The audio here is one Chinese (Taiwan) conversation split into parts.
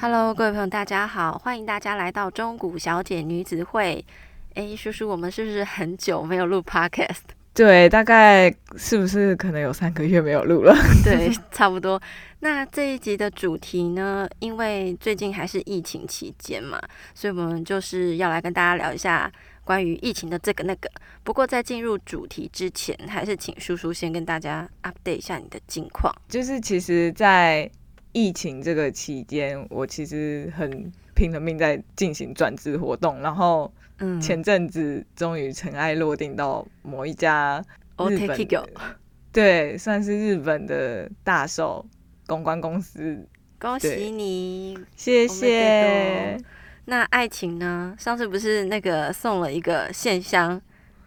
Hello，各位朋友，大家好，歡迎大家來到中古小姐女子會。哎，舒舒，我們是不是很久沒有錄 Podcast？對，大概是不是可能有三個月沒有錄了？ 對，差不多。那這一集的主題呢？因為最近還是疫情期間嘛，所以我們就是要來跟大家聊一下關於疫情的這個那個。不過在進入主題之前，還是請舒舒先跟大家 update 一下你的近況。就是其實，在疫情這個期間，我其實很拼了命在進行轉職活動，然後。前陣子終於塵埃落定，到某一家日本，對日本公公、嗯，對，算是日本的大手公關公司。恭喜你，謝謝。謝謝。那愛情呢？上次不是那個送了一個線香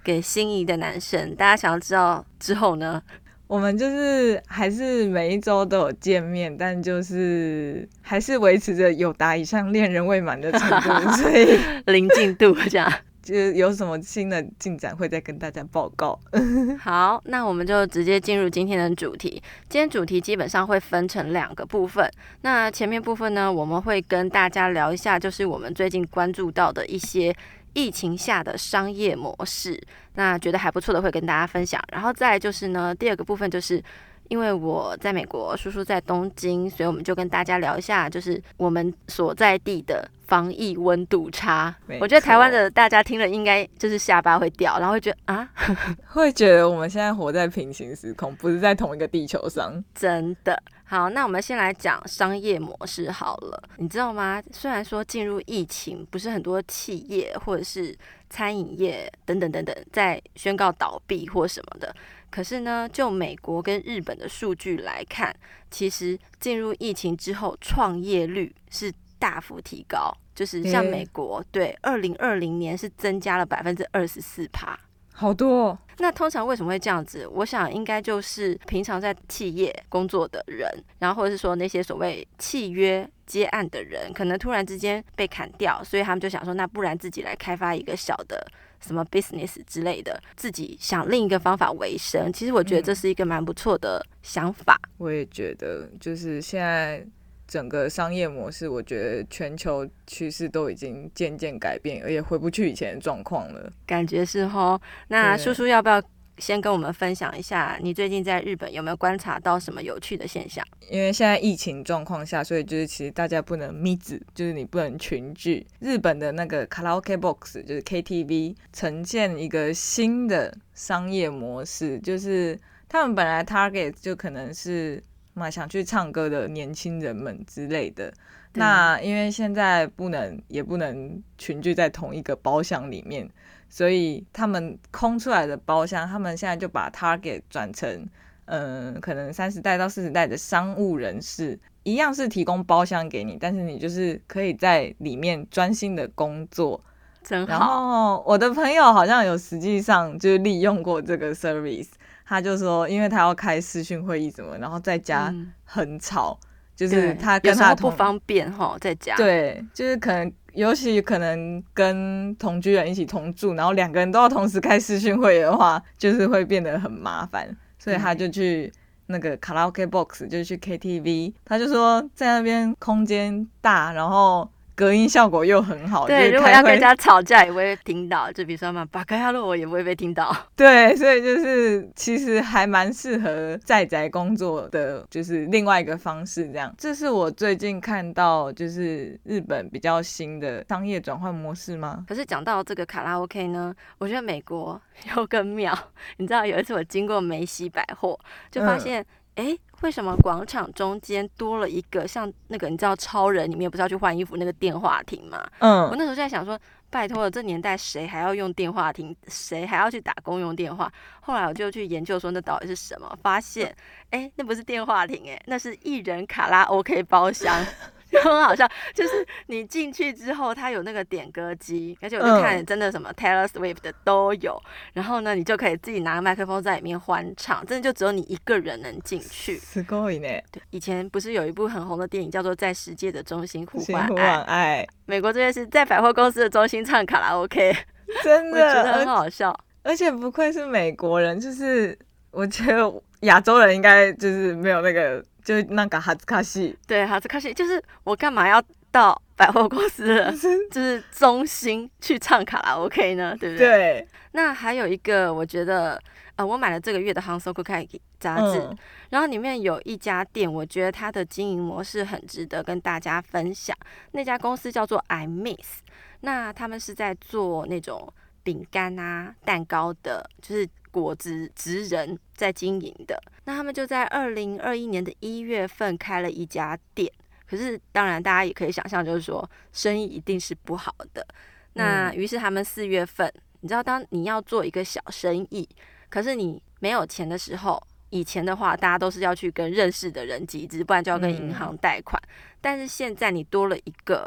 給心儀的男生，大家想要知道之後呢？我們就是還是每一周都有見面，但就是還是維持着友達以上戀人未滿的程度， 所以零進 度這樣。是，就有什麼新的進展會再跟大家報告。 好，那我們就直接進入今天的主題。今天主題基本上會分成兩個部分。那前面部分呢，我們會跟大家聊一下，就是我們最近關注到的一些。疫情下的商業模式，那覺得還不錯的會跟大家分享。然後再就是呢，第二個部分就是，因為我在美國，舒舒在東京，所以我們就跟大家聊一下，就是我們所在地的防疫溫度差。沒錯。我覺得台灣的大家聽了應該就是下巴會掉，然後會覺得啊， 會覺得我們現在活在平行時空，不是在同一個地球上。真的。好，那我們先來講商業模式好了。你知道嗎？雖然說進入疫情，不是很多企業或者是餐飲業等等等等在宣告倒閉或什麼的，可是呢，就美國跟日本的數據來看，其實進入疫情之後，創業率是大幅提高，就是像美國，嗯，對，二零二零年是增加了百分之二十四趴。好多哦，那通常為什麼會這樣子？我想應該就是平常在企業工作的人，然後或者是說那些所謂契約接案的人，可能突然之間被砍掉，所以他們就想說，那不然自己來開發一個小的什麼 business 之類的，自己想另一個方法維生。其實我覺得這是一個蠻不錯的想法。嗯，我也覺得，就是現在。整個商業模式，我覺得全球趨勢都已經漸漸改變，而且回不去以前的狀況了。感覺是齁。那舒舒要不要先跟我們分享一下，你最近在日本有沒有觀察到什麼有趣的現象？因為現在疫情狀況下，所以就是其實大家不能密聚，就是你不能群聚。日本的那個卡拉 OK box，就是 KTV，呈現一個新的商業模式，就是他們本來 target 就可能是。嘛，想去唱歌的年輕人們之類的。嗯、那因為現在不能，也不能群聚在同一個包廂裡面，所以他們空出來的包廂，他們現在就把 target 轉成，嗯、呃，可能三十代到四十代的商務人士，一樣是提供包廂給你，但是你就是可以在裡面專心的工作。真好。然後我的朋友好像有實際上就是利用過這個 service。他就說，因為他要開視訊會議，什麼？然後在家很吵，嗯、就是他跟他不方便哈、哦，在家。對，就是可能，尤其可能跟同居人一起同住，然後兩個人都要同時開視訊會的話，就是會變得很麻煩。所以他就去那個卡拉 OK box，對就去 KTV。他就說，在那邊空間大，然後。隔音效果又很好，對，如果要跟人家吵架也不會被聽到，就比如說嘛，八嘎呀路，我也不會被聽到。對，所以就是其實還蠻適合在宅工作的，就是另外一個方式這樣。這是我最近看到就是日本比較新的商業轉換模式嗎？可是講到這個卡拉 OK 呢，我覺得美國有夠妙，你知道有一次我經過梅西百貨，就發現、嗯。誒，為什麼廣場中間多了一個像那個你知道超人裡面不是要去換衣服那個電話亭嗎？嗯，我那時候就在想說，拜託了，這年代誰還要用電話亭，誰還要去打公用電話？後來我就去研究說那到底是什麼，發現誒，那不是電話亭誒，那是一人卡拉 OK 包廂。 很好笑，就是你進去之後，它有那個點歌機，而且我就看真的什麼 Taylor Swift 的都有。嗯、然後呢，你就可以自己拿個麥克風在裡面歡唱，真的就只有你一個人能進去。すごいね。對，以前不是有一部很紅的電影叫做《在世界的中心呼喚愛》愛？美國這邊是在百貨公司的中心唱卡拉 OK，真的 覺得很好笑而。而且不愧是美國人，就是我覺得亞洲人應該就是沒有那個。就那個哈斯卡西，對，哈斯卡西，就是我幹嘛要到百貨公司 就是中心去唱卡拉 OK 呢？對不對？對，那還有一個，我覺得，呃，我買了這個月的《Hansoku Kai》雜誌，嗯，然後裡面有一家店，我覺得它的經營模式很值得跟大家分享。那家公司叫做 I Miss，那他們是在做那種餅乾啊、蛋糕的，就是。果子職人在經營的，那他們就在二零二一年的一月份開了一家店。可是，當然大家也可以想象，就是說生意一定是不好的。那於是他們四月份，嗯、你知道，當你要做一個小生意，可是你沒有錢的時候，以前的話，大家都是要去跟認識的人集資，不然就要跟銀行貸款。嗯、但是現在，你多了一個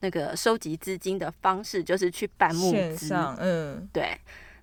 那個收集資金的方式，就是去辦募資。嗯，對。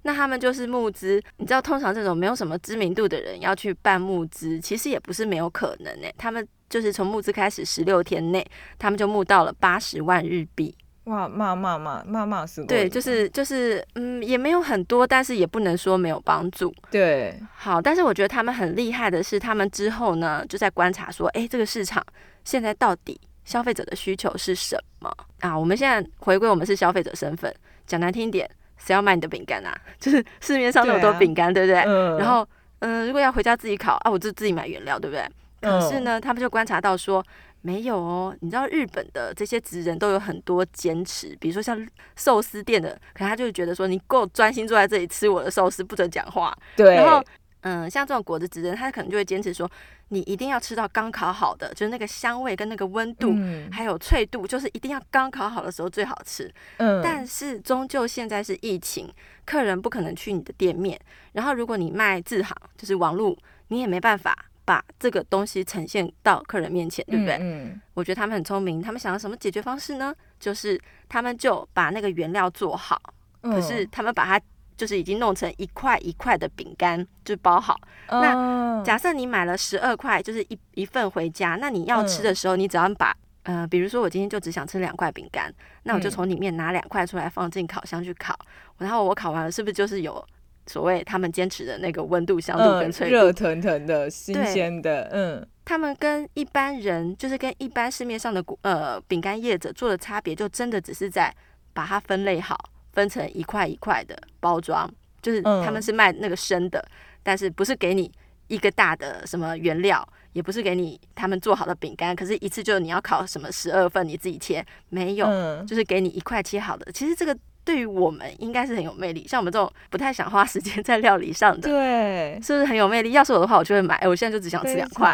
那他們就是募資，你知道，通常這種沒有什麼知名度的人要去辦募資，其實也不是沒有可能誒，他們就是從募資開始十六天內，他們就募到了八十萬日幣。哇，罵罵罵，罵罵，罵罵死我了。對，就是就是，嗯，也沒有很多，但是也不能說沒有幫助。對，好，但是我覺得他們很厲害的是，他們之後呢就在觀察說，哎、欸，這個市場現在到底消費者的需求是什麼啊？我們現在回歸我們是消費者身份，講難聽點。誰要買你的餅乾啊？就是市面上那麼多餅乾，對，啊、對不對？嗯、然後，嗯、呃，如果要回家自己烤啊，我就自己買原料，對不對？可是呢，嗯、他們就觀察到說，沒有哦。你知道日本的這些職人都有很多堅持，比如說像壽司店的，可能他就是覺得說，你夠專心坐在這裡吃我的壽司，不准講話。對。然後嗯，像這種菓子職人，他可能就會堅持說，你一定要吃到剛烤好的，就是那個香味跟那個溫度，嗯、還有脆度，就是一定要剛烤好的時候最好吃。嗯，但是終究現在是疫情，客人不可能去你的店面，然後如果你賣自行，就是網絡，你也沒辦法把這個東西呈現到客人面前，對不對？嗯，嗯，我覺得他們很聰明，他們想要什麼解決方式呢？就是他們就把那個原料做好，嗯、可是他們把它。就是已經弄成一塊一塊的餅乾，就包好。Oh. 那假設你買了十二塊，就是一一份回家，那你要吃的時候，你只要把、嗯、呃，比如說我今天就只想吃兩塊餅乾，那我就從裡面拿兩塊出來放進烤箱去烤。嗯、然後我烤完了，是不是就是有所謂他們堅持的那個溫度、香度跟脆度，熱騰騰的新鮮的。嗯，他們跟一般人就是跟一般市面上的呃餅乾業者做的差別，就真的只是在把它分類好，分成一塊一塊的包裝，就是他們是賣那個生的，嗯、但是不是給你一個大的什麼原料，也不是給你他們做好的餅乾，可是一次就你要烤什麼十二份，你自己切，沒有，嗯、就是給你一塊切好的。其實這個對於我們應該是很有魅力，像我們這種不太想花時間在料理上的，對，是不是很有魅力？要是我的話，我就會買、欸。我現在就只想吃兩塊，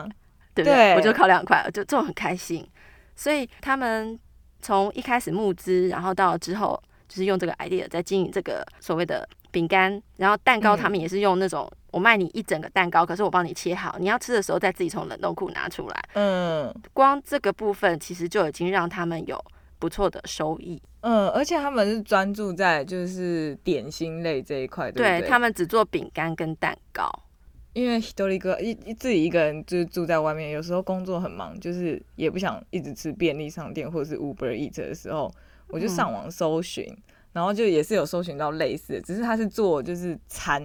對，對不對？對，我就烤兩塊，我就這種很開心。所以他們從一開始募資，然後到之後。就是用這個 idea 在經營這個所謂的餅乾，然後蛋糕，他們也是用那種我賣你一整個蛋糕，嗯、可是我幫你切好，你要吃的時候再自己從冷凍庫拿出來。嗯，光這個部分其實就已經讓他們有不錯的收益。嗯，而且他們是專注在就是點心類這一塊，對，對，對他們只做餅乾跟蛋糕。因為多利哥一自己一個人就是住在外面，有時候工作很忙，就是也不想一直吃便利商店或者是 Uber Eats 的時候。我就上網搜尋，嗯、然後就也是有搜尋到類似的，只是他是做就是餐，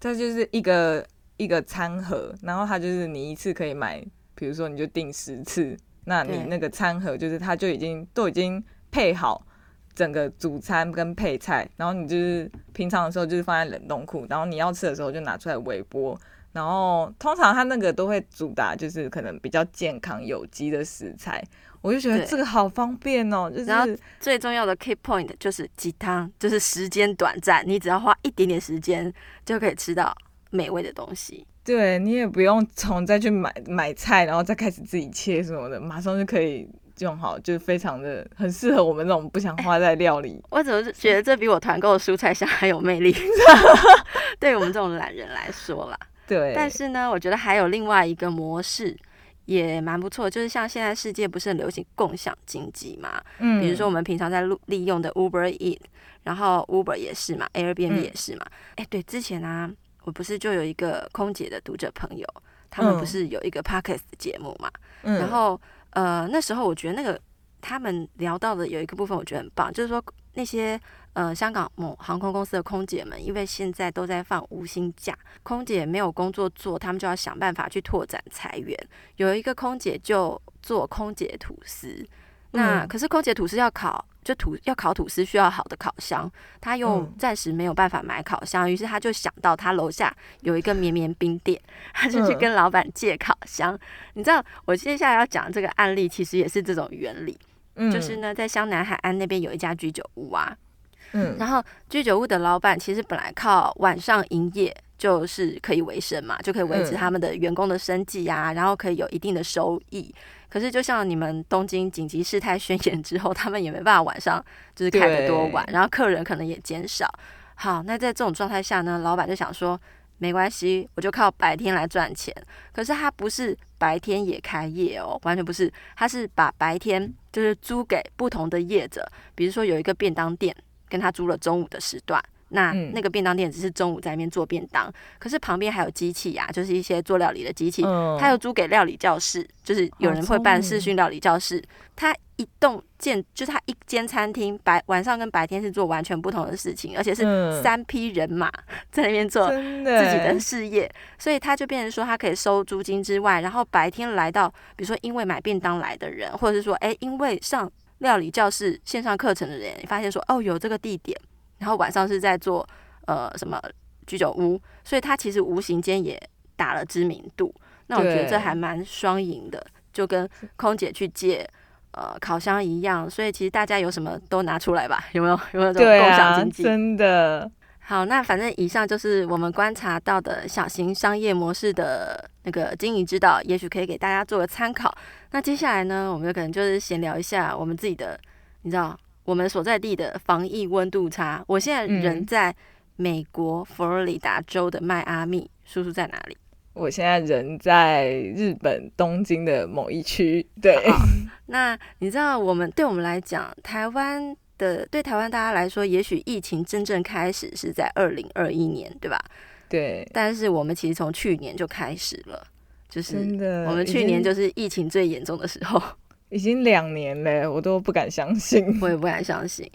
它就,就是一個一個餐盒，然後他就是你一次可以買，比如說你就訂十次，那你那個餐盒就是他就已經對都已經配好整個主餐跟配菜，然後你就是平常的時候就是放在冷凍庫，然後你要吃的時候就拿出來微波。然後通常他那個都會主打就是可能比較健康、有機的食材，我就覺得這個好方便哦。對就是然後最重要的 key point 就是雞湯，就是時間短暫，你只要花一點點時間就可以吃到美味的東西。對，你也不用從再去買買菜，然後再開始自己切什麼的，馬上就可以用好，就是非常的很適合我們這種不想花在料理。欸、我怎麼覺得這比我團購的蔬菜箱還有魅力？ 對我們這種懶人來說啦。對，但是呢，我覺得還有另外一個模式也蠻不錯，就是像現在世界不是很流行共享經濟嘛？嗯、比如說我們平常在錄利用的 Uber Eats，然後 Uber 也是嘛，Airbnb 也是嘛。哎、嗯，對，之前啊，我不是就有一個空姐的讀者朋友，他們不是有一個 Podcast 節目嘛？嗯、然後呃，那時候我覺得那個他們聊到的有一個部分，我覺得很棒，就是說那些。呃，香港某航空公司的空姐們，因為現在都在放無薪假，空姐沒有工作做，他們就要想辦法去拓展裁員。有一個空姐就做空姐吐司，那、嗯、可是空姐吐司要烤，就吐要烤吐司需要好的烤箱，她又暫時沒有辦法買烤箱，於、嗯、是她就想到她樓下有一個綿綿冰店，她、嗯、 就去跟老闆借烤箱。你知道我接下來要講的這個案例，其實也是這種原理，嗯、就是呢，在湘南海岸那邊有一家居酒屋啊。嗯、然後居酒屋的老闆其實本來靠晚上營業就是可以維生嘛，就可以維持他們的員工的生計呀、啊，嗯、然後可以有一定的收益。可是就像你們東京緊急事態宣言之後，他們也沒辦法晚上就是開得多晚，對然後客人可能也減少。好，那在這種狀態下呢，老闆就想說沒關係，我就靠白天來賺錢。可是他不是白天也開業哦，完全不是，他是把白天就是租給不同的業者，比如說有一個便當店。跟他租了中午的時段，那那個便當店只是中午在那邊做便當，嗯、可是旁邊還有機器呀、啊,就是一些做料理的機器。嗯、他有租給料理教室，就是有人會辦視訊料理教室。他一棟建，就是他一間餐廳，白晚上跟白天是做完全不同的事情，而且是三批人馬在那邊做自己的事業，嗯、所以他就變成說，他可以收租金之外，然後白天來到，比如說因為買便當來的人，或者是說，哎、欸，因為上。料理教室線上課程的人你發現說，哦，有這個地點，然後晚上是在做呃什麼居酒屋，所以他其實無形間也打了知名度。那我覺得這還蠻雙贏的，對就跟空姐去借呃烤箱一樣，所以其實大家有什麼都拿出來吧，有沒有？有沒有這種共享經濟？對啊，真的。好，那反正以上就是我們觀察到的小型商業模式的那個經營之道，也許可以給大家做個參考。那接下來呢，我們可能就是閒聊一下我們自己的，你知道，我們所在地的防疫溫度差。我現在人在美國佛羅里達州的邁阿密，舒舒在哪裡？我現在人在日本東京的某一區。對，那你知道我們對我們來講，台灣。對，對台灣大家來說，也許疫情真正開始是在二零二一年，對吧？對。但是我們其實從去年就開始了，就是真的，我們去年就是疫情最嚴重的時候，已經，已經兩年了，我都不敢相信，我也不敢相信。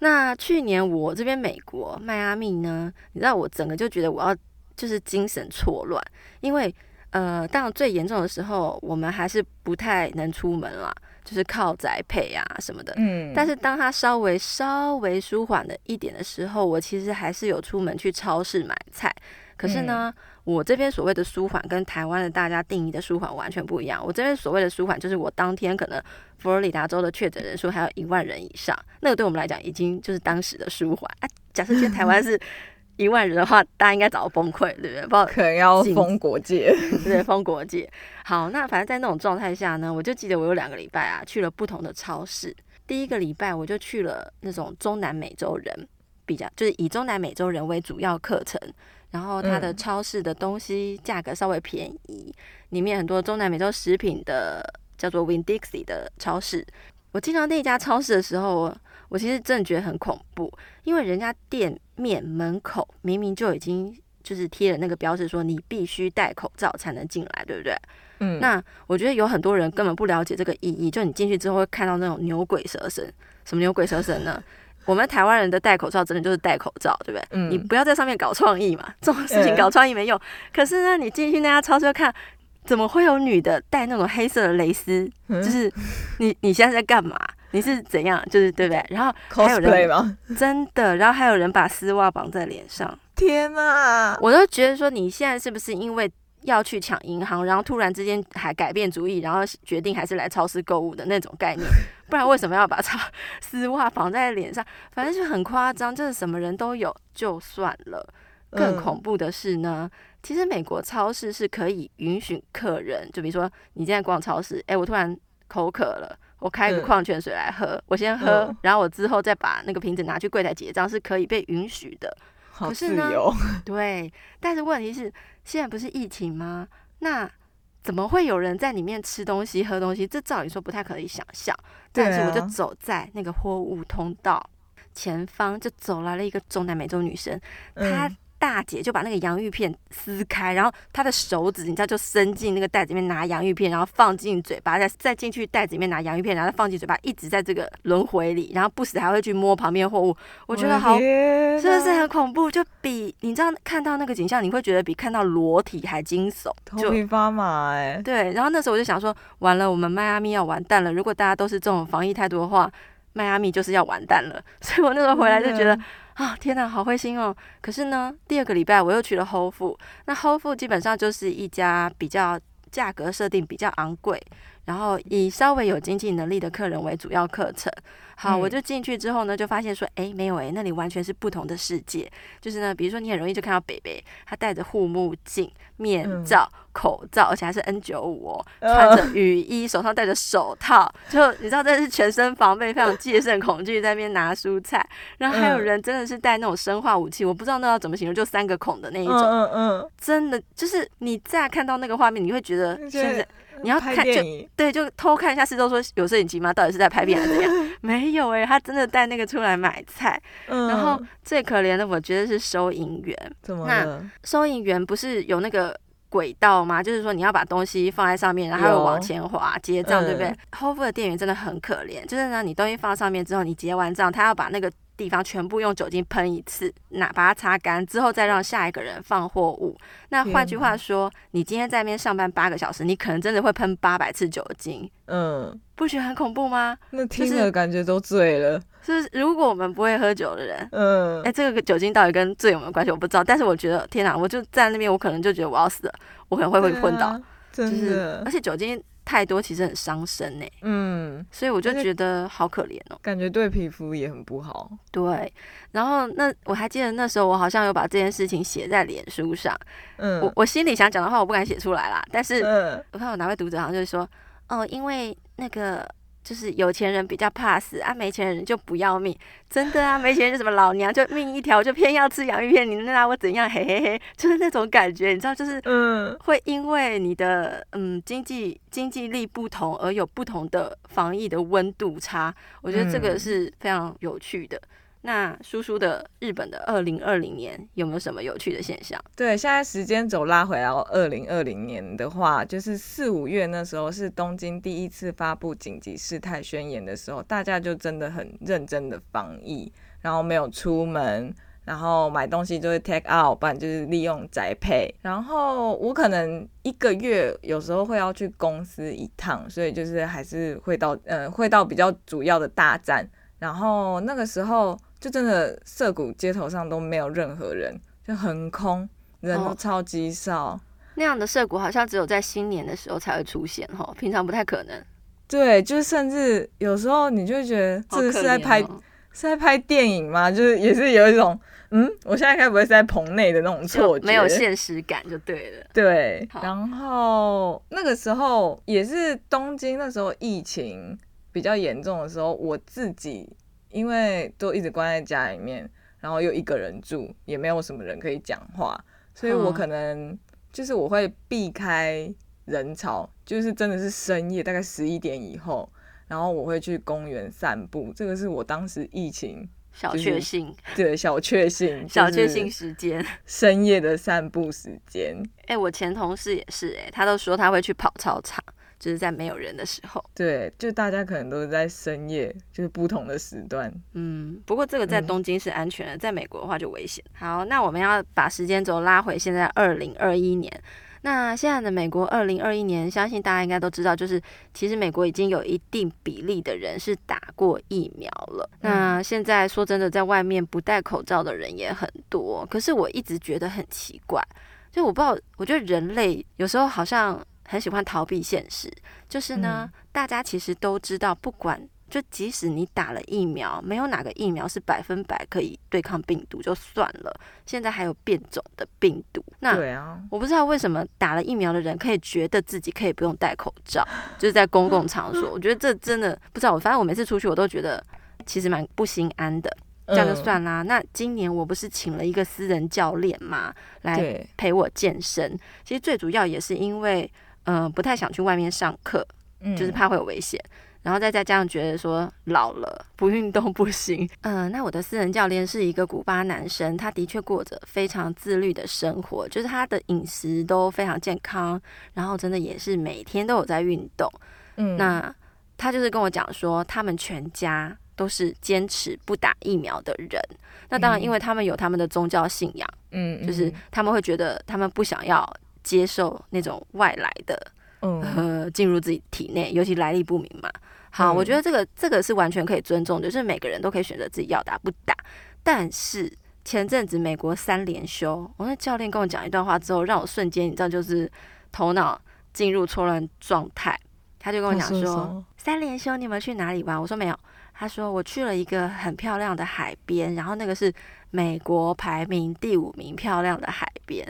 那去年我這邊美國邁阿密呢，你知道我整個就覺得我要就是精神錯亂，因為呃，當最嚴重的時候，我們還是不太能出門啦。就是靠宅配啊什麼的，嗯，但是當它稍微稍微舒緩了一點的時候，我其實還是有出門去超市買菜。可是呢，嗯、我這邊所謂的舒緩跟台灣的大家定義的舒緩完全不一樣。我這邊所謂的舒緩，就是我當天可能佛羅里達州的確診人數還有一萬人以上，那個對我們來講已經就是當時的舒緩啊。假設覺得台灣是。 一萬人的話，大家應該早崩潰，對不對？可能要封國界， 對，封國界。好，那反正，在那種狀態下呢，我就記得我有兩個禮拜啊，去了不同的超市。第一個禮拜我就去了那種中南美洲人比較，就是以中南美洲人為主要課程，然後它的超市的東西價格稍微便宜，嗯、裡面很多中南美洲食品的，叫做 Winn-Dixie 的超市。我進到那家超市的時候，我其實真的覺得很恐怖，因為人家店面門口明明就已經就是貼了那個標誌，說你必須戴口罩才能進來，對不對？嗯。那我覺得有很多人根本不了解這個意義，就你進去之後會看到那種牛鬼蛇神，什麼牛鬼蛇神呢？我們台灣人的戴口罩真的就是戴口罩，對不對？嗯。你不要在上面搞創意嘛，這種事情搞創意沒用。嗯、可是呢，你進去那家超市要看，怎麼會有女的戴那種黑色的蕾絲？嗯、就是你你現在在幹嘛？你是怎樣，就是對不對？然後 Cosplay 還有人嗎？真的，然後還有人把絲襪綁在臉上，天呐哪！我都覺得說你現在是不是因為要去搶銀行，然後突然之間還改變主意，然後決定還是來超市購物的那種概念？不然為什麼要把超絲襪綁在臉上？反正就很誇張，就是什麼人都有，就算了。更恐怖的是呢，嗯、其實美國超市是可以允許客人，就比如說你現在逛超市，哎，我突然口渴了。我開一個礦泉水來喝，嗯、我先喝，嗯、然後我之後再把那個瓶子拿去櫃檯結賬是可以被允許的。好自由。可是呢？對。但是問題是，現在不是疫情嗎？那怎麼會有人在裡面吃東西、喝東西？這照理說不太可以想象。但是我就走在那個貨物通道前方，就走來了一個中南美洲女生，嗯、她。大姐就把那個洋芋片撕開，然後她的手指你知道就伸進那個袋子裡面拿洋芋片，然後放進嘴巴，再再進去袋子裡面拿洋芋片，然後再放進嘴巴，一直在這個輪迴裡，然後不時還會去摸旁邊貨物。我覺得好，真的是，是不是很恐怖？就比你知道看到那個景象，你會覺得比看到裸體還驚悚，就頭皮發麻哎。對，然後那時候我就想說，完了，我們邁阿密要完蛋了。如果大家都是這種防疫態度的話，邁阿密就是要完蛋了。所以我那時候回來就覺得。嗯啊，天哪，好灰心哦！可是呢，第二個禮拜我又去了 Whole Food，那 Whole Food 基本上就是一家比較價格設定比較昂貴，然後以稍微有經濟能力的客人為主要客層。好，嗯、我就進去之後呢，就發現說，哎，沒有哎，那裡完全是不同的世界。就是呢，比如說你很容易就看到北北，他戴着護目鏡、面罩、口罩，而且還是 N 九五哦，嗯、穿着雨衣， 手上戴着手套，就你知道這是全身防備，非常戒慎恐懼， 在那邊拿蔬菜。然後還有人真的是帶那種生化武器，我不知道那要怎麼形容，就三個孔的那一種，嗯嗯嗯，嗯嗯真的就是你再看到那個畫面，你會覺得就是。對你要看，就對，就偷看一下四周，說有攝影機嗎？到底是在拍片還是怎樣？ 沒有誒、欸，他真的帶那個出來買菜。嗯，然後最可憐的我覺得是收銀員。怎麼？那收銀員不是有那個軌道嗎？就是說你要把東西放在上面，然後他會往前滑結賬有，對不對？HOPE 的店員真的很可憐，就是呢，你東西放上面之後，你結完賬，他要把那個。地方全部用酒精噴一次，拿把它擦乾之後，再讓下一個人放貨物。那換句話說，天哪，你今天在那邊上班八個小時，你可能真的會噴八百次酒精。嗯，不覺得很恐怖嗎？那聽了感覺都醉了。就是，就是、如果我們不會喝酒的人，嗯，哎、欸，這個酒精到底跟醉有沒有關係？我不知道。但是我覺得，天哪，我就在那邊，我可能就覺得我要死了，我可能會會昏倒。啊、真的、就是，而且酒精。太多其實很傷身呢、欸，嗯，所以我就覺得好可憐哦、喔，感覺對皮膚也很不好。對，然後那我還記得那時候我好像有把這件事情寫在臉書上，嗯，我我心裡想講的話我不敢寫出來啦，但是、嗯、我看我哪位讀者好像就是說，哦，因為那個。就是有錢人比較怕死啊，沒錢人就不要命，真的啊，沒錢人就什麼老娘就命一條，就偏要吃洋芋片，你能拿我怎樣？嘿嘿嘿，就是那種感覺，你知道，就是嗯，會因為你的嗯經濟經濟力不同而有不同的防疫的溫度差，我覺得這個是非常有趣的。嗯那舒舒的日本的二零二零年有沒有什麼有趣的現象？對，現在時間軸拉回到二零二零年的話，就是四五月那時候是東京第一次發布緊急事態宣言的時候，大家就真的很認真的防疫，然後沒有出門，然後買東西就會 take out，不然就是利用宅配。然後我可能一個月有時候會要去公司一趟，所以就是還是會到，呃，會到比較主要的大站。然後那個時候。就真的澀谷街頭上都沒有任何人，就很空，人都超級少、哦。那樣的澀谷好像只有在新年的時候才會出現哈、哦，平常不太可能。對，就甚至有時候你就覺得這個是在拍、哦、是在拍電影嘛，就是也是有一種嗯，我現在該不會是在棚內的那種錯覺，沒有現實感就對了。對，好然後那個時候也是東京那時候疫情比較嚴重的時候，我自己。因為都一直關在家裡面，然後又一個人住，也沒有什麼人可以講話，所以我可能就是我會避開人潮，嗯、就是真的是深夜，大概十一點以後，然後我會去公園散步。這個是我當時疫情小確幸，就是，對，小確幸，小確幸時間，深夜的散步時間。哎，欸，我前同事也是，欸，哎，他都說他會去跑操場。就是在沒有人的時候，對，就大家可能都是在深夜，就是不同的時段。嗯，不過這個在東京是安全的，嗯、在美國的話就危險。好，那我們要把時間軸拉回現在二零二一年。那現在的美國二零二一年，相信大家應該都知道，就是其實美國已經有一定比例的人是打過疫苗了。嗯、那現在說真的，在外面不戴口罩的人也很多。可是我一直覺得很奇怪，就我不知道，我覺得人類有時候好像。很喜歡逃避現實，就是呢，嗯、大家其實都知道，不管就即使你打了疫苗，沒有哪個疫苗是百分百可以對抗病毒，就算了。現在還有變種的病毒，那對啊，我不知道為什麼打了疫苗的人可以覺得自己可以不用戴口罩，就是在公共場所。 我覺得這真的不知道，我反正我每次出去我都覺得其實蠻不心安的，這樣就算啦。嗯、那今年我不是請了一個私人教練嘛，來陪我健身。對其實最主要也是因為。嗯，不太想去外面上課，就是怕會有危險。嗯，然後再再加上覺得說老了不運動不行。嗯，那我的私人教練是一個古巴男生，他的確過着非常自律的生活，就是他的飲食都非常健康，然後真的也是每天都有在運動。嗯，那他就是跟我講說，他們全家都是堅持不打疫苗的人。那當然，因為他們有他們的宗教信仰，嗯，就是他們會覺得他們不想要。接受那種外來的，嗯、呃，進入自己體內，尤其來歷不明嘛。好，嗯、我覺得這個這個是完全可以尊重，就是每個人都可以選擇自己要打不打。但是前陣子美國三連休，我那教練跟我講一段話之後，讓我瞬間你知道就是頭腦進入錯亂狀態。他就跟我講說，說三連休你們去哪裡玩？我說沒有。他說我去了一個很漂亮的海邊，然後那個是美國排名第五名漂亮的海邊。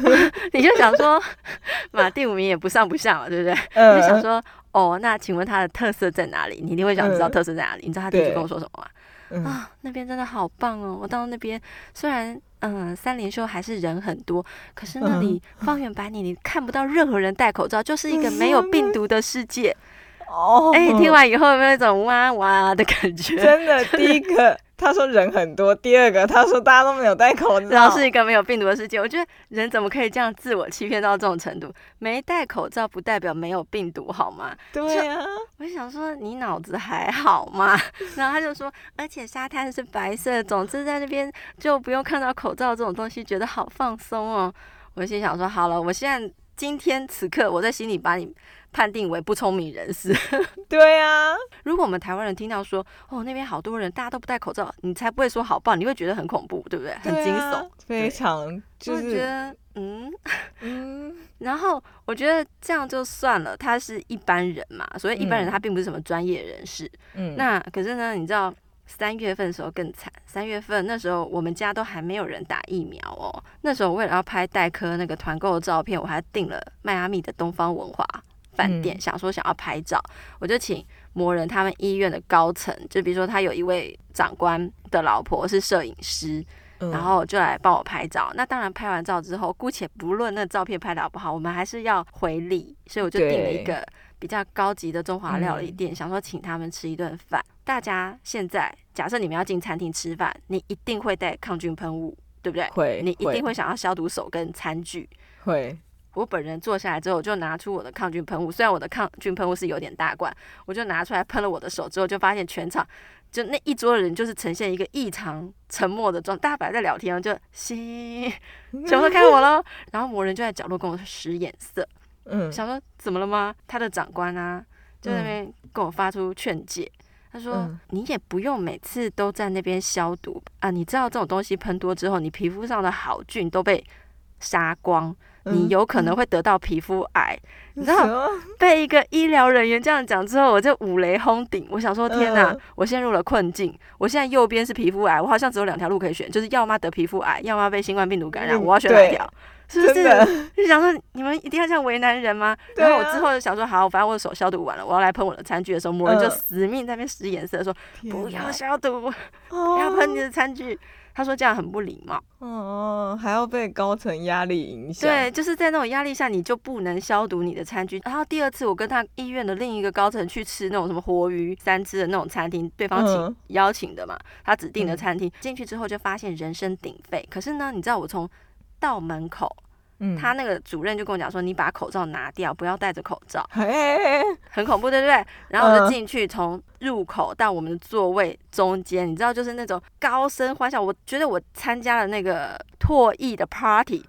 你就想說， 嘛第五名也不上不下嘛，對不對？嗯、你就想說，哦，那請問它的特色在哪裡？你一定會想知道特色在哪裡。你知道他第一次跟我說什麼嗎？嗯、啊，那邊真的好棒哦！我到那邊雖然嗯三連休還是人很多，可是那裡方圓百里、嗯、你看不到任何人戴口罩，就是一個沒有病毒的世界。哦，哎、oh, 欸，聽完以後有沒有那種哇哇的感覺？真的，第一個他說人很多， 第二個他說大家都沒有戴口罩，然後是一個沒有病毒的世界。我覺得人怎麼可以這樣自我欺騙到這種程度？沒戴口罩不代表沒有病毒好嗎？對呀、啊，就我想說你腦子還好嗎？然後他就說，而且沙灘是白色 總之在那邊就不用看到口罩這種東西，覺得好放鬆哦。我心想說，好了，我現在。今天此刻，我在心裡把你判定為不聰明人士。對啊， 如果我們台灣人聽到說，哦，那邊好多人，大家都不戴口罩，你才不會說好棒，你會覺得很恐怖，對不對？對啊、很驚悚，非常對就是覺得嗯嗯。嗯 然後我覺得這樣就算了，他是一般人嘛，所以一般人他並不是什麼專業人士。嗯，那可是呢，你知道。三月份的時候更慘，三月份那時候我們家都還沒有人打疫苗哦。那時候為了要拍代科那個團購的照片，我還訂了邁阿密的東方文化飯店，嗯、想說想要拍照，我就請魔人他們醫院的高層，就比如說他有一位長官的老婆是攝影師，嗯、然後就來幫我拍照。那當然拍完照之後，姑且不論那照片拍得好不好，我們還是要回禮，所以我就訂了一個。比較高級的中華料理店，嗯，想說請他們吃一頓飯。大家現在假設你們要進餐廳吃飯，你一定會帶抗菌噴霧，對不對？會。你一定會想要消毒手跟餐具。會。我本人坐下來之後，就拿出我的抗菌噴霧。雖然我的抗菌噴霧是有點大罐，我就拿出來噴了我的手之後，就發現全場就那一桌人就是呈現一個異常沉默的狀。大家本來在聊天，就行，全部都看我嘍。 然後某人就在角落跟我使眼色。嗯，想說怎麼了嗎？他的長官啊，就在那邊跟我發出勸誡，嗯、他說、嗯、你也不用每次都在那邊消毒啊，你知道這種東西噴多之後，你皮膚上的好菌都被殺光，嗯、你有可能會得到皮膚癌。嗯、你知道麼被一個醫療人員這樣講之後，我就五雷轟頂。我想說天哪！啊，嗯、我陷入了困境。我現在右邊是皮膚癌，我好像只有兩條路可以選，就是要麼得皮膚癌，要麼被新冠病毒感染，嗯、我要選哪條？是不是的就想說你們一定要這樣為難人嗎？啊、然後我之後就想說好，我反正我的手消毒完了，我要來噴我的餐具的時候，某人就死命在那邊使眼色的說，說哪不要消毒，哦、不要噴你的餐具。他說這樣很不禮貌。哦，還要被高層壓力影響，對，就是在那種壓力下，你就不能消毒你的餐具。然後第二次我跟他醫院的另一個高層去吃那種什麼活魚三吃的那種餐廳，對方請、嗯、邀請的嘛，他指定的餐廳進、嗯、去之後就發現人聲鼎沸。可是呢，你知道我從。到門口，嗯，他那個主任就跟我講說，你把口罩拿掉，不要戴着口罩，嘿嘿嘿，很恐怖，對不對？然後我就進去，從入口到我們的座位中間，呃、你知道，就是那種高聲歡笑，我覺得我參加了那個唾液的 party，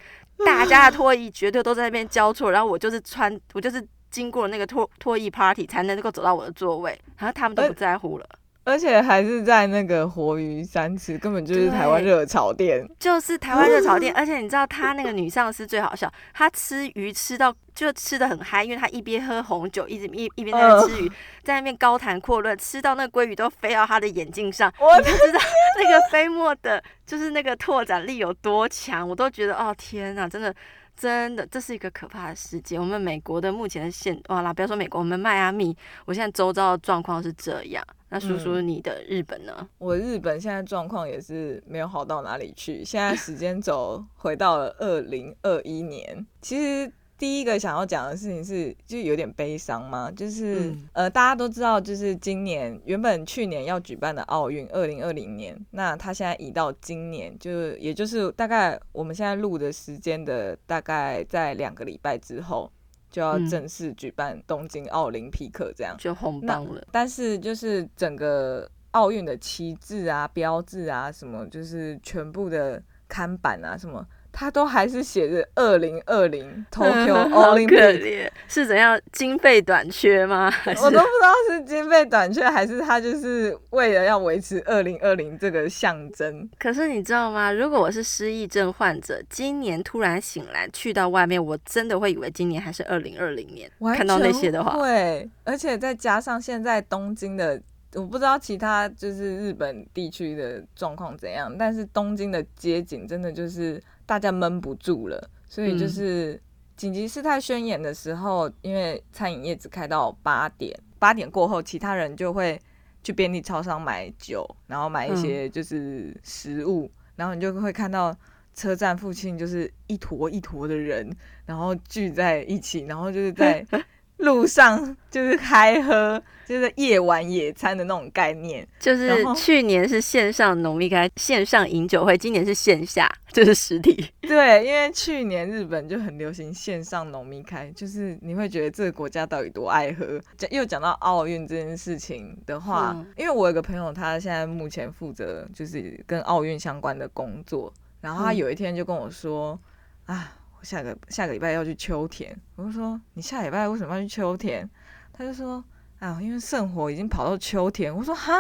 大家的唾液絕對都在那邊交錯，呃、然後我就是穿，我就是經過那個唾唾液 party 才能夠走到我的座位，然後他們都不在乎了。呃而且還是在那個活魚三吃，根本就是台灣熱炒店，就是台灣熱炒店。 而且你知道，他那個女上司最好笑，她吃魚吃到就吃的很嗨，因為她一邊喝紅酒，一直一一邊在吃魚，呃、在那邊高談闊論，吃到那鮭魚都飛到她的眼鏡上，我啊、你就知道那個飛沫的，就是那個拓展力有多強。我都覺得，哦天吶，真的，真的，這是一個可怕的世界。我們美國的目前的現，哇啦，不要說美國，我們邁阿密，我現在周遭的狀況是這樣。那舒舒你的日本呢？嗯、我日本現在狀況也是沒有好到哪裡去。現在時間軸回到了二零二一年。 其實第一個想要講的事情是，就有點悲傷嘛。就是、嗯、呃，大家都知道，就是今年原本去年要舉辦的奧運，二零二零年，那它現在移到今年，就是也就是大概我們現在錄的時間的大概在兩個禮拜之後。就要正式舉辦東京奧林匹克，這樣就轟動了。但是就是整個奧運的旗幟啊、標誌啊、什麼，就是全部的看板啊，什麼。他都還是寫着、嗯“二零二零 Tokyo Olympics”，是怎樣經費短缺嗎？還是我都不知道是經費短缺，還是他就是為了要維持“二零二零”這個象徵。可是你知道嗎？如果我是失憶症患者，今年突然醒來去到外面，我真的會以為今年還是二零二零年。看到那些的話，對，而且再加上現在東京的，我不知道其他就是日本地區的狀況怎樣，但是東京的街景真的就是。大家悶不住了，所以就是緊急事態宣言的時候，嗯、因為餐飲業只開到八點，八點過後，其他人就會去便利超商買酒，然後買一些就是食物，嗯、然後你就會看到車站附近就是一坨一坨的人，然後聚在一起，然後就是在呵呵。路上就是開喝，就是夜晚野餐的那種概念。就是去年是線上農民開，線上飲酒會，今年是線下，就是實體。對，因為去年日本就很流行線上農民開，就是你會覺得這個國家到底多愛喝。講又講到奧運這件事情的話，嗯、因為我有個朋友，他現在目前負責就是跟奧運相關的工作，然後他有一天就跟我說，啊、嗯。下個下個禮拜要去秋田，我就說你下禮拜為什麼要去秋田？他就說啊，因為聖火已經跑到秋田。我說哈，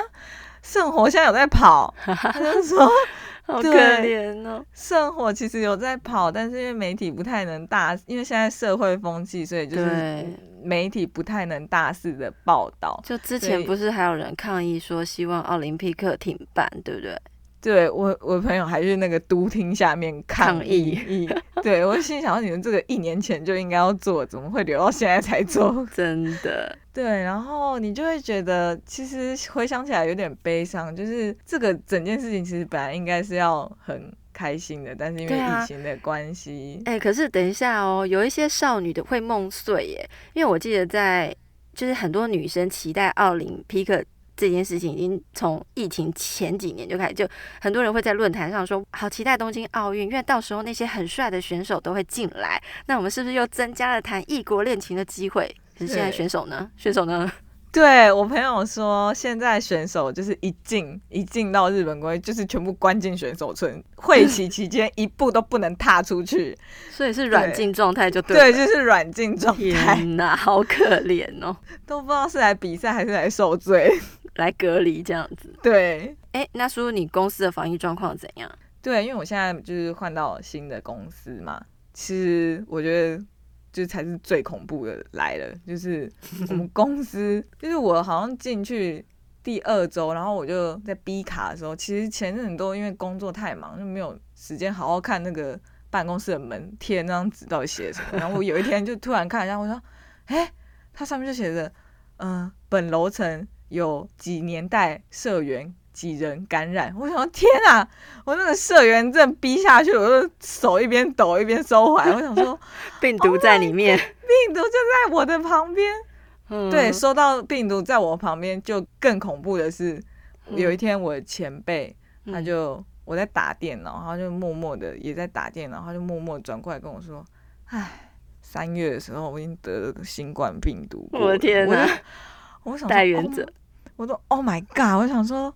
聖火現在有在跑？ 他就說 好可憐哦，聖火其實有在跑，但是因為媒體不太能大，因為現在社會風氣，所以就是媒體不太能大肆的報道。對以就之前不是還有人抗議說希望奧林匹克停辦，對不對？對我，我朋友還去那個都廳下面抗議。抗議 對我心裡想到，你們這個一年前就應該要做，怎麼會留到現在才做？真的。對，然後你就會覺得，其實回想起來有點悲傷，就是這個整件事情其實本來應該是要很開心的，但是因為疫情的關係。哎、啊欸，可是等一下哦，有一些少女的會夢碎耶，因為我記得在，就是很多女生期待奧林匹克。這件事情已經從疫情前幾年就開始，就很多人會在論壇上說，好期待東京奧運，因為到時候那些很帥的選手都會進來，那我們是不是又增加了談異國戀情的機會？可是現在選手呢？對選手呢？對我朋友說，現在選手就是一進一進到日本國，就是全部關進選手村，會期期間一步都不能踏出去，嗯、對所以是軟禁狀態就對，就對，就是軟禁狀態。天吶，好可憐哦，都不知道是來比賽還是來受罪。來隔離，這樣子，對。哎、欸，那舒，你公司的防疫狀況怎樣？對，因為我現在就是換到新的公司嘛。其實我覺得，就才是最恐怖的來了，就是我們公司， 就是我好像進去第二周，然後我就在嗶卡的時候，其實前陣子都因為工作太忙，就沒有時間好好看那個辦公室的門貼那張紙到底寫什麼。 然後我有一天就突然看一下，然後我說，哎、欸，它上面就寫着，嗯、呃，本樓層。有幾年代社員幾人感染，我想說天啊，我那個社員正逼下去，我的手一邊抖一邊收回來，我想說病毒在裡面，Oh my, 病毒就在我的旁邊。嗯，對，收到病毒在我旁邊，就更恐怖的是，嗯，有一天我的前輩，嗯，他就我在打電腦，他就默默的也在打電腦，他就默默轉過來跟我說，哎，三月的時候我已經得了新冠病毒，我的天哪！我想大原則，我說 Oh my God！我想說，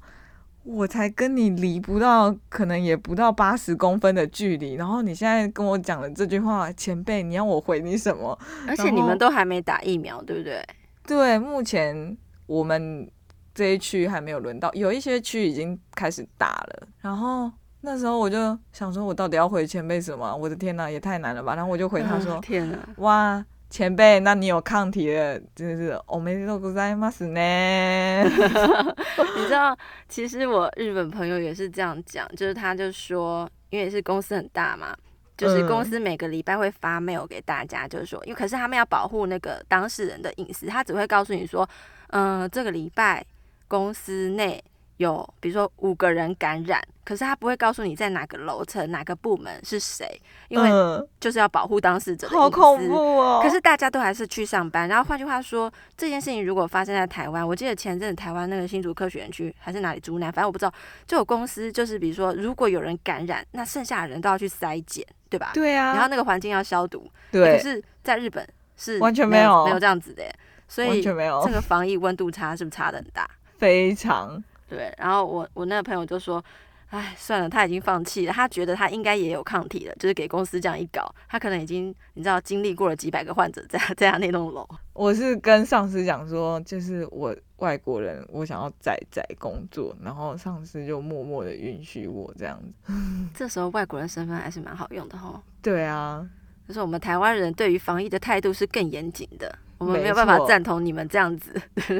我才跟你離不到，可能也不到八十公分的距離，然後你現在跟我講了這句話，前輩，你要我回你什麼？而且你們都還沒打疫苗，對不對？對，目前我們這一區還沒有輪到，有一些區已經開始打了。然後那時候我就想說，我到底要回前輩什麼？我的天哪、啊，也太難了吧！然後我就回他說：嗯、天哪、啊，哇！前輩，那你有抗體了，就是おめでとうございます呢？你知道，其實我日本朋友也是這樣講，就是他就說，因為是公司很大嘛，就是公司每個禮拜會發 mail 給大家，就是說，因為可是他們要保護那個當事人的隱私，他只會告訴你說，嗯，這個禮拜公司內有，比如說五個人感染。可是他不會告訴你在哪個樓層、哪個部門是誰，因為就是要保護當事者的隱私、嗯、好恐怖哦！可是大家都還是去上班。然後換句話說，這件事情如果發生在台灣，我記得前陣子台灣那個新竹科學園區還是哪裡竹南，反正我不知道，就有公司就是，比如說如果有人感染，那剩下的人都要去篩檢，對吧？對啊。然後那個環境要消毒。對、欸。可是，在日本是完全沒有沒有這樣子的，所以完全沒有這個防疫溫度差是不是差得很大？非常對。然後我我那個朋友就說。哎，算了，他已經放棄了。他覺得他應該也有抗體了，就是給公司這樣一搞，他可能已經你知道經歷過了幾百個患者在在那棟樓。我是跟上司講說，就是我外國人，我想要在宅工作，然後上司就默默的允許我這樣子。這時候外國人身份還是蠻好用的哈、哦。對啊，就是我們台灣人對於防疫的態度是更嚴謹的，我們沒有辦法贊同你們這樣子。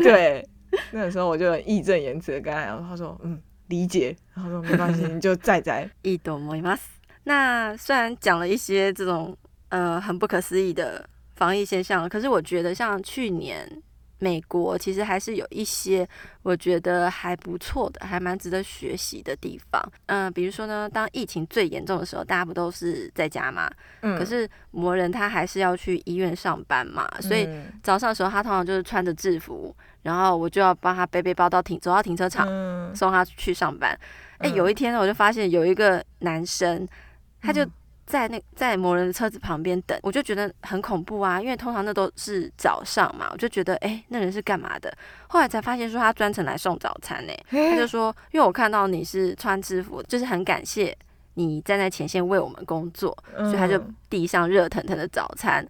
對，那個時候我就義正言辭的跟他講，他說，嗯。理解，然後說沒關係，你 就再再。i o mas。那雖然講了一些這種呃很不可思議的防疫現象，可是我覺得像去年。美國其實還是有一些我覺得還不錯的，還蠻值得學習的地方。嗯、呃，比如說呢，當疫情最嚴重的時候，大家不都是在家嗎？嗯、可是魔人他還是要去醫院上班嘛，所以早上的時候他通常就是穿着制服，嗯、然後我就要幫他背背包到停走到停車場、嗯、送他去上班。哎、欸，嗯、有一天呢，我就發現有一個男生，他就。嗯在那，在某人的車子旁邊等，我就覺得很恐怖啊。因為通常那都是早上嘛，我就覺得，哎，那人是幹嘛的？後來才發現說他專程來送早餐呢、欸。他就說，因為我看到你是穿制服，就是很感謝你站在前線為我們工作，所以他就遞上熱騰騰的早餐。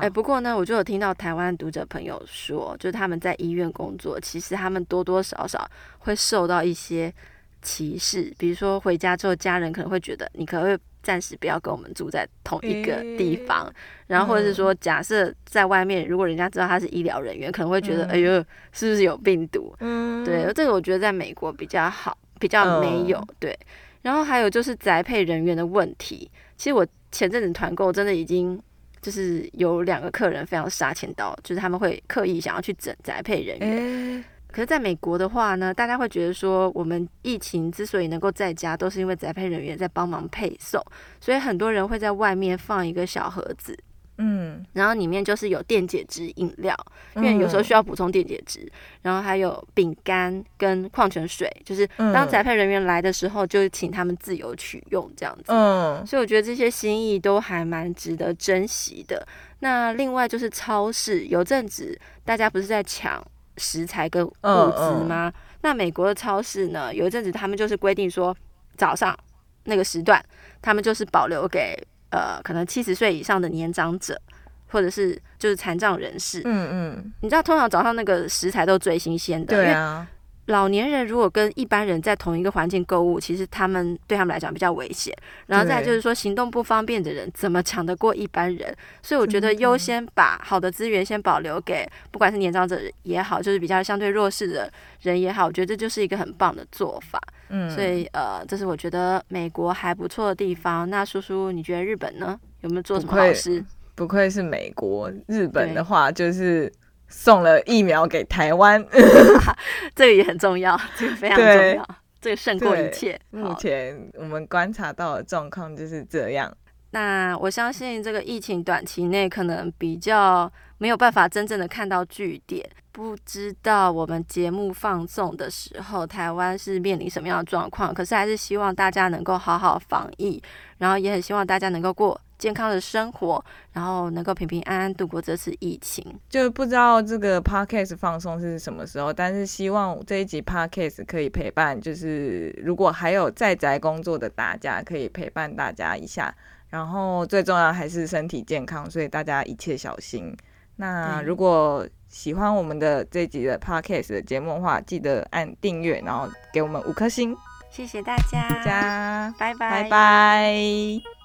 哎，不過呢，我就有聽到台灣讀者朋友說，就是他們在醫院工作，其實他們多多少少會受到一些歧視，比如說回家之後家人可能會覺得你可能會。暫時不要跟我們住在同一個地方，欸、然後或者是說，假設在外面，如果人家知道他是醫療人員，嗯、可能會覺得，哎呦，是不是有病毒？嗯，對，這個我覺得在美國比較好，比較沒有、嗯、對。然後還有就是宅配人員的問題，其實我前陣子團購真的已經，就是有兩個客人非常殺千刀，就是他們會刻意想要去整宅配人員。欸可是，在美國的話呢，大家會覺得說，我們疫情之所以能夠在家，都是因為宅配人員在幫忙配送，所以很多人會在外面放一個小盒子，嗯，然後裡面就是有電解質飲料，因為有時候需要補充電解質，嗯，然後還有餅乾跟礦泉水，就是當宅配人員來的時候，就請他們自由取用這樣子，嗯，所以我覺得這些心意都還蠻值得珍惜的。那另外就是超市，有陣子大家不是在搶食材跟物資嗎？哦哦，那美國的超市呢？有一陣子他們就是規定說，早上那個時段，他們就是保留給呃，可能七十歲以上的年長者，或者是就是殘障人士。嗯嗯，嗯，你知道通常早上那個食材都最新鮮的。對啊。老年人如果跟一般人在同一個環境購物，其實他們對他們來講比較危險。然後再就是說行動不方便的人怎麼搶得過一般人？所以我覺得優先把好的資源先保留給不管是年長者也好，就是比較相對弱勢的人也好，我覺得這就是一個很棒的做法。嗯，所以呃，這是我覺得美國還不錯的地方。那舒舒，你覺得日本呢？有沒有做什麼好事？不愧,不愧是美國，日本的話就是。送了疫苗給台灣， 這個也很重要，這個非常重要，對這個勝過一切。對好目前我們觀察到的狀況就是這樣。那我相信這個疫情短期內可能比較沒有辦法真正的看到句點，不知道我們節目放送的時候台灣是面臨什麼樣的狀況。可是還是希望大家能夠好好防疫，然後也很希望大家能夠過。健康的生活，然後能夠平平安安度過這次疫情。就不知道這個 podcast 放送是什麼時候，但是希望這一集 podcast 可以陪伴。就是如果還有在宅工作的大家，可以陪伴大家一下。然後最重要還是身體健康，所以大家一切小心。那如果喜歡我們的這一集的 podcast 的節目的話，記得按訂閱，然後給我們五顆星。謝謝大家，大家拜拜。拜拜。